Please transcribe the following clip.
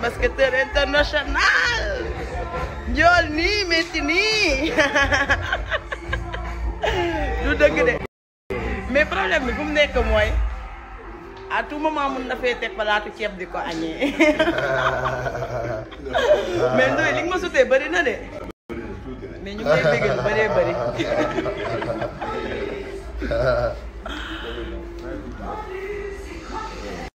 basketeur internasional Joni ni du dëgg de mais problème bi fu mu nekk mooy à tout moment mun na fee teg palaatu ceeb di ko añee mais ndoy li nga ma sutee bëri na de mais ñu ngi